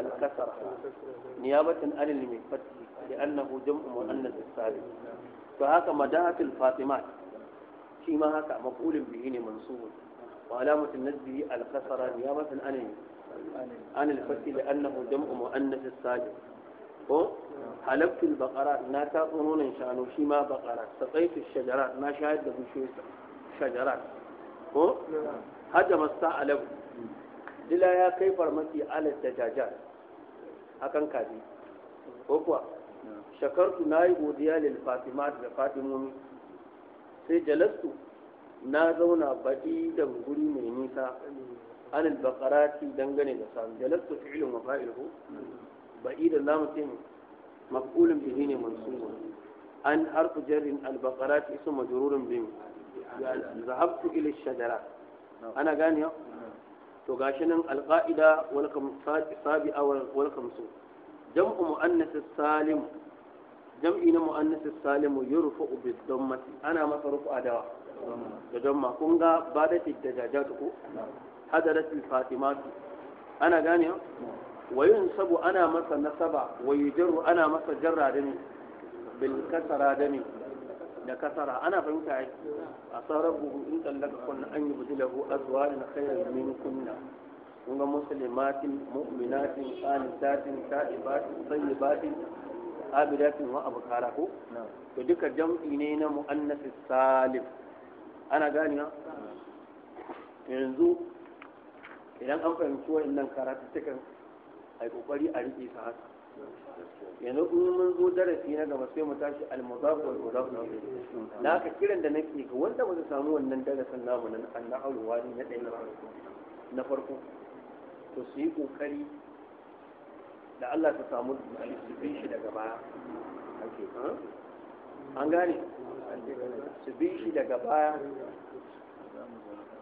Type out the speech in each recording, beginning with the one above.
الكسرة نيابة عن المفتح لأنه جمع مؤنث السابق فهذا مدات الفاطمات فيما هكا مقول به منصوب وعلامة النزل الكسرة نيابة عن عن الفتح لأنه جمع مؤنث السابق هو حلبت البقرات ناتا إن شانو شما بقرات سقيت الشجرات ما شاهد بشوية شجرات هو هدم الساعة لبن dila ya kai farmaki Jajar a kan kaji ko kuwa shakartu na yi godiya lil fatima da fatimomi sai jalastu na zauna baɗi da guri mai nisa an albakarati dangane da sami jalastu ilin wa fa'ilu baɗi da zamu ce maf'ulun bihi ne mansuba an harfu jarrin albakarati isu majrurun bihi zahabtu ila shajara ana gane yau to gashi nan alƙa'ida wal sabi'a wal khamsu jam'u muannas salim jam'i na muannas salim yurfa'u bid dammati ana masa rufa dawa da damma kun ga ba da da jajatu ko hadarat al fatimatu ana gane wayun sabu ana masa nasaba wayujaru ana masa jarra da ne bil kasara da ne da kasara ana fahimta ai a sauran buhu in tsallaka kunna an yi bujilahu na khairan min kunna kun ga muslimatin mu'minatin qanitatin ta'ibatin tayyibatin abidatin wa abkara ko to duka jam'i ne na muannath salim ana gani na yanzu idan an fahimci wa'annan karatu cikin ai kokari a rike su haka yanzu in mun zo darasi na gaba sai mu tashi al-mudaf wal mudaf na ka kiran da nake ka wanda ba samu wannan darasin namu nan an wani na ɗaya na farko to su yi kokari da Allah ta samu su shi daga baya an gane su bi shi daga baya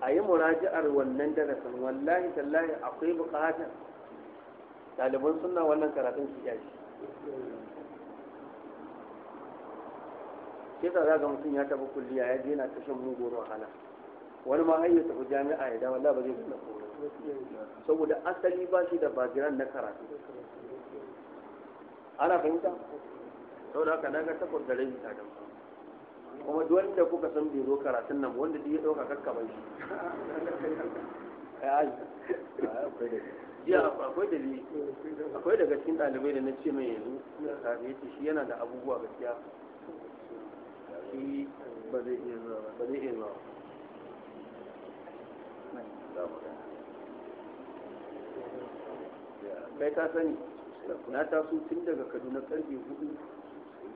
a yi muraji'ar wannan darasin wallahi tallahi akwai buƙatar ɗaliban suna wannan karatun su iya shi sai za ga mutum ya tafi kulliya ya je na ta shan mugun wahala wani ma har ya tafi jami'a ya dawo ba zai gina komai saboda asali ba shi da bajiran na karatu ana fahimta saboda haka na ga takwas da rai ta kuma duk wanda kuka san bai zo karatun nan wanda duk ya ɗauka kakkaban shi jiya akwai daga cikin ɗalibai da na ce mai yanzu da safe ya ce shi yana da abubuwa gaskiya shi ba zai iya zuwa ba zai iya zuwa kai ta sani na taso tun daga kaduna karfe hudu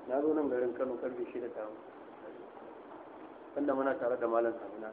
na zo nan garin kano karfe shida ta wanda muna tare da malam samina